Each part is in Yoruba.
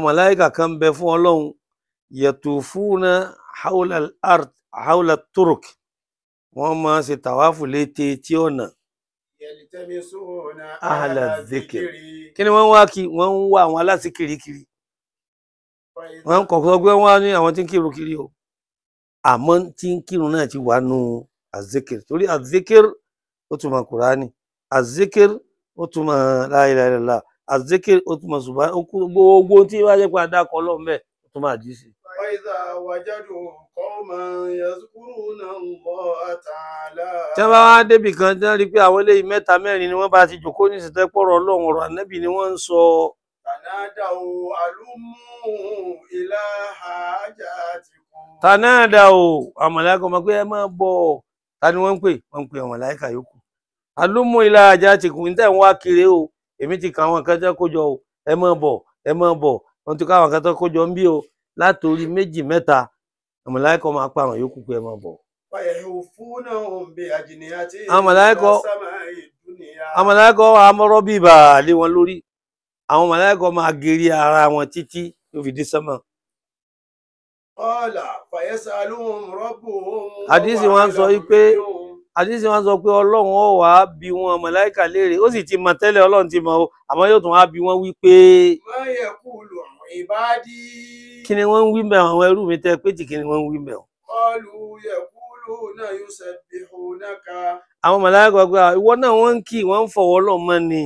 màláìkà kan bẹ fún ọlọ́run yẹtùfúnà haula turk wọ́n máa ṣe tàwáfù létí tí ọ̀nà ahàlà zikir kí ni wọ́n wá kí wọ́n ń wá àwọn aláṣíkiri kiri wọ́n ń kọ̀ọ̀kan ọgbẹ́ wá ní àwọn tí ń kírun kiri o àmọ́ tí ń kírun náà ti wà nù azikir torí azikir ó túmọ̀ kùránì azikir ó túmọ̀ la ilaha illallah àzékè ó tún mọ ṣùgbọ́n gbogbo tí wàá jẹ́ pé adákọ̀ ọlọ́run bẹ́ẹ̀ ó tún máa jí sí. tí wọ́n wá débì kan tí wọ́n rí pé àwọn eléyìí mẹ́ta mẹ́rin ni wọ́n bá ti jòkó ní ìsìtẹ́pọ̀rọ̀ ọlọ́run ọ̀rọ̀ ànẹ́bì ni wọ́n ń sọ. tànádàwò àlùmú ìlà àjà àti tànáàdàwò àmàlàkọ ọmọ pé ẹ máa bọ̀ ta ni wọ́n ń pè wọ́n ń pè ọmọláìkà yòókù alúmú ilá ajá ti kùn ní tẹ̀wọ́n wá o èmi ti kà àwọn nǹkan tó kó jọ o ẹ mọ bọ ẹ mọ bọ wọn ti kọ àwọn nǹkan tó kó jọ ń bí o látòrí méjì mẹ́ta àmàláìkọ máa pa àwọn yòókù pé ẹ mọ bọ. àmàláìkọ àmàláìkọ amọ̀rọ̀ bíi bàálé wọn lórí àwọn àmàláìkọ máa geri ara wọn títí yóò fi dé sánmà. Qala fayasaluhum rabbuhum. Hadisi wọn sọ wípé àdísì wọn sọ pé ọlọ́run ó wá bi wọn mọ̀láìkà léèrè ó sì ti mọ tẹ́lẹ̀ ọlọ́run ti mọ o àmọ́ yóò tún wá bi wọn wípé. máyẹ̀ kú lu àwọn ìbádí. kí ni wọ́n ń wí mẹ́ àwọn ẹrú mi tẹ́ pé tí kí ni wọ́n ń wí mẹ́ o. ọlù yẹ kú lù náà yóò ṣe bí òun náà ká. àwọn mọ̀láìkà gbà ìwọ náà wọ́n ń kí wọ́n ń fọwọ́ lọ mọ́ ni.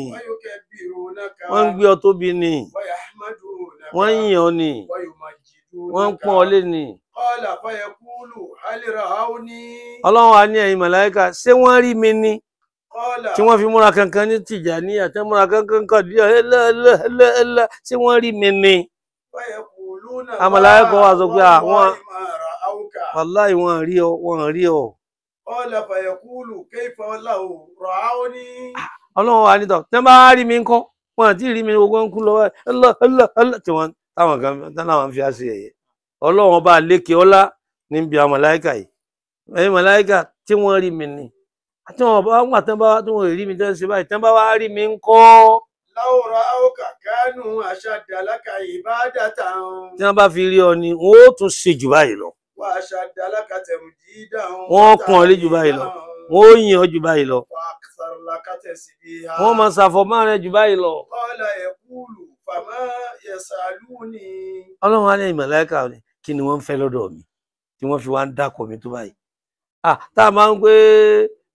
wọ́n ń gbé ọ tóbi ni. wọ́n ń yàn ni. wọ́n ń pọ́n ọ lé ni. ọ̀là fọ́yẹ̀kú ọlọ́run wa ní ẹ̀yin màláíkà ṣé wọ́n rí mi ni tí wọ́n fi múra kankan ní Tìjàníyà tí wọ́n múra kankan kan díẹ̀ ẹlẹ́ẹ̀lẹ́ẹ̀lẹ́ ṣé wọ́n rí mi ni àmàláíkà wa sọ pé àwọn wàláì wọn rí ọ wọn rí ọ. ọ̀là fàyẹ̀kúlù kéfà ọ̀làwò rà á ó ní. ọlọ́run wa ní tọ̀ tí wọ́n bá rí mi ńkọ́ wọn àti rí mi gbogbo ń kú lọ́wọ́ ẹlẹ́ẹ̀lẹ́ẹ̀lẹ́ tí wọ́n táwọn kan táwọn fi á sí ẹ̀yẹ ọlọ́run ọba lékè ọlá níbi àwọn màláìkà yìí ẹ̀yin màláìkà tí wọ́n rí mi ni àti wọn bá wà tán bá tí wọ́n rí mi tán ṣe báyìí tán bá wá rí mi ń kọ́. láwùrọ̀ àwòkà kánú àṣàdàlákà ìbádàtà ọ̀hún. tí wọ́n bá fi rí ọ ni wọ́n ó tún ṣe jù báyìí lọ. wà àṣàdàlákà tẹ̀wù dídà ọ̀hún. wọ́n kàn lé jù báyìí lọ wọ́n ó yìn ọ́ jù báyìí lọ. wọ́n máa ṣàfọ̀mọ́ rẹ jù báyìí lọ. ọ̀la ẹ̀kúlù fàmọ́ yẹ̀sàlú ni. ọlọ́run á lẹ́yìn màláìkà ni kí ni wọ́n ń fẹ́ lọ́dọ̀ mi tí wọ́n fi wá ń dàkọ̀ mi tó báyìí ah tá a máa ń pé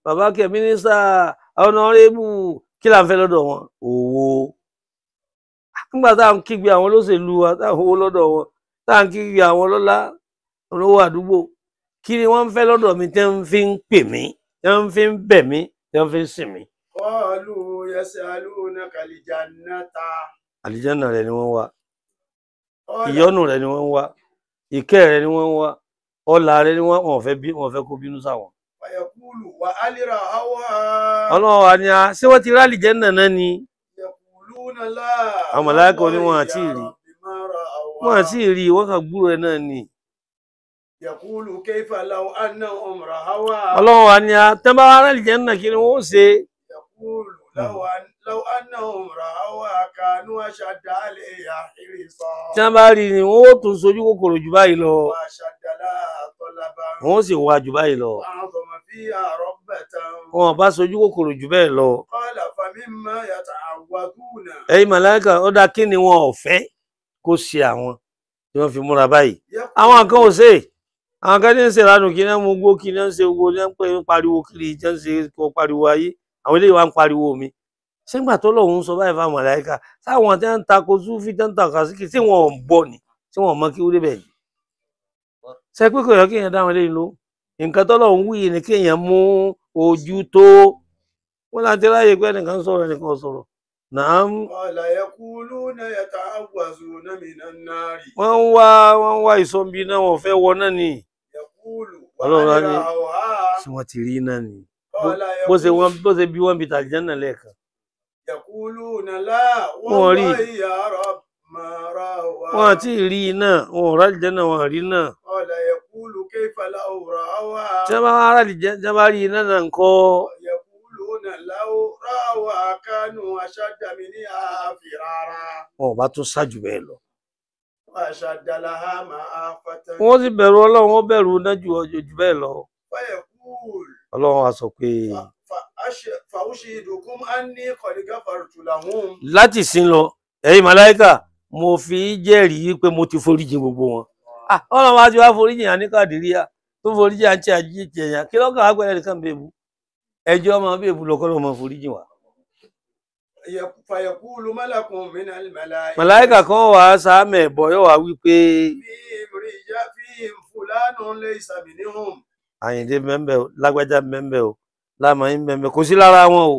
bàbá kẹ mínísítà ọ̀nàrẹ́bù kí là ń fẹ́ lọ́dọ̀ wọn owó nígbà tá à ń kígbe àwọn olóṣèlú wa tá à ń owó lọ́dọ̀ wọn tá à ń kígbe àwọn ọlọ́lá olówó àdúgbò kí ni wọ́n ń fẹ́ lọ́dọ̀ mi tẹ́ ń fi ń pè mí tẹ́ ń fi ń bẹ̀ mí tẹ́ ń fi ń sìn mí. kọ́ọ̀lù yẹsẹ̀ alúna kàlìjànà ta. àlìjànà rẹ ni wọ́n wá ìyọ́nù rẹ ni wọ́n wá ìkẹ́ rẹ ni wọ́n wá ọlà rẹ ni wọ́n fẹ́ bí wọ́n fẹ́ kó bínú sáwọn. ọlọ́run wa ni a ṣé wọ́n ti rálì jẹ́ nàná ni àwọn màláíkà ni wọ́n àti rí wọ́n àti rí wọ́n kàn gbúrò ẹ̀ náà ni. ọlọ́run wa ni a tẹ́ bá rálì jẹ́ nàná kí wọ́n ṣe. لو أنهم رأوا كانوا أشد عليها حرصا tí wọ́n wọn ó sì wá jù báyìí lọ. wọn bá sojú kòkòrò jù bẹ́ẹ̀ lọ. ẹ̀yin màláìka ó dá kí ni wọn ò fẹ́ kó ṣe àwọn tí wọ́n fi múra báyìí. àwọn kan ò ṣe àwọn kan ní ń ṣe ìranù kí náà mú gbó kí náà ń ṣe gbó náà ń pè ń pariwo kiri tí wọ́n ń ṣe kó pariwo ayé àwọn eléyìí wá ń pariwo mi sígbà tó lọ́hún sọ báyìí fáwọn màláìka táwọn tí wọ́n ń takò súfì tí wọ́n ń takò àsìkò tí wọ́n ń bọ̀ ni tí wọ́n mọ kí wúlé bẹ́ẹ̀ ni ṣe pé kò yẹ kí èèyàn dáhùn eléyìí ló nǹkan tọ́lọ̀ ń wí ni kí èèyàn mú ojú tó wọn láti ráyè pé ẹnìkan sọ̀rọ̀ ẹnìkan sọ̀rọ̀ nàám. ọ̀là ẹ̀kúlú náà yàtà àgbàzù náà mi náà náà rí. wọ́n ń wá wọ́n ń wá ìsọ̀nbi náà wọ́n fẹ́ wọ náà nì. ẹ̀kúlù wàhálà ọ̀há. tí wọ́n ti rí náà nì. ọ̀là ẹ̀kúlù bó ṣe wọ́n wọ́n bi tàlìjẹ́ náà lẹ́ẹ̀kan. wọ́n rí. rí náà wọ́n rálìjẹ́ náà wọ́n rí náà jẹ́mọ́ ara lè jẹ́mọ́ rí iná náà ńkọ́. ọba tó ṣáájú bẹ́ẹ̀ lọ. wọ́n sì bẹ̀rù ọlọ́run wọ́n bẹ̀rù iná ju ojú bẹ́ẹ̀ lọ. ọlọ́run á sọ pé. láti sin lọ ẹ̀yin màláíkà mo fi jẹ́rìí pé mo ti foríjì gbogbo wọn. Ah, ọlọ́run wá ti wá foríjì yàn ní kàdíríà tó foríjì yàn tí a jí jẹ yàn kí lọ́kàn wá pẹ̀lẹ́ nìkan bèbú ẹjọ́ ọmọ bèbú lọ́kọ́lọ́ ọmọ foríjì wà. fàyẹ̀kúlù mọ́làkùn mi náà màláìkà. màláìkà kan wà á sàmẹ̀ bọ̀ yóò wá wí pé. àyìndé mẹ́mbẹ́ o lágbájá mẹ́mbẹ́ o lámọ̀ yín mẹ́mbẹ́ kò sí lára wọn o.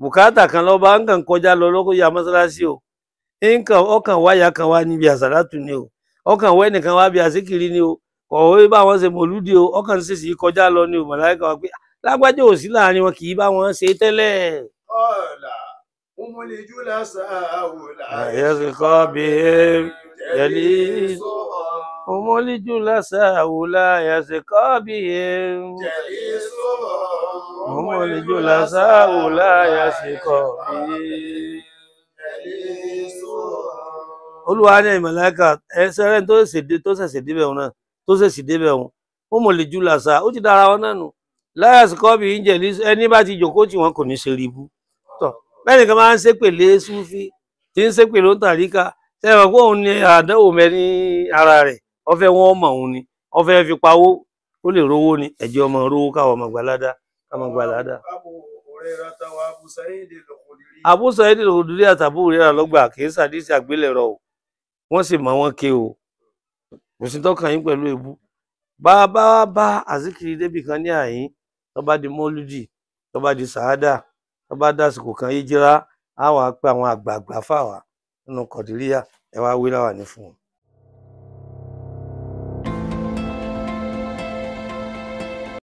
bùkátà kan lọ́ba ń kàn kọjá lọ lọ́kọ̀ yà mọ́sálásí o. nǹkan ọkàn wáyà kan wá níbi àsàlátù ni o ọkàn wá ẹnìkan wá bí ni o kọ̀wé bá wọn ṣe o ọkàn sì sì kọjá lọ ni o màláìka wá pé lágbájá ò sí láàrin wọn kì í bá wọn ṣe tẹ́lẹ̀. ọ̀la umulijú lásán kọ́ bí lásán olúwa ní ìmọ̀láìkà ẹsẹ̀rẹ́ tó ṣẹ̀ṣẹ̀ débẹ̀ òun náà tó ṣẹ̀ṣẹ̀ débẹ̀ òun ó mọ̀lẹ̀ jù làṣà ó ti dára wọn náà nù láyàsí kọ́ọ̀bì ìjẹ̀ ẹni bá ti jòkó tí wọn kò ní ṣe ribú tọ̀ bẹ́ẹ̀ nìkan máa ń ṣépèlé súfì tí ń ṣépèlé ó ń tàríkà sẹ́wọ̀n pé òun ni àdánwò mẹ́ ní ara rẹ̀ ọfẹ́ wọn mọ̀ òun ni ọfẹ́ fi pawó ó lè rówó ni ẹ̀jẹ̀ ọmọ rówó káwọn ọmọ gbàládá káwọn gbàládá. Abu Sa'id al-Khudri àtàbù rẹ̀ lọ́gbà kì í sàdísì àgbélẹ̀rọ̀ o wọ́n sì mọ̀ wọ́n ké o kò sí tọ́kàn yín pẹ̀lú ebú bá a bá wá bá àzíkiri débì kan ní àyín tó bá di mọ́lúdì tó bá di sàádà tó bá dásìkò kan yíjírá á wàá pé àwọn àgbààgbà fáwà nínú kọ̀díríyà ẹ wá wí láwà ní fún wọn.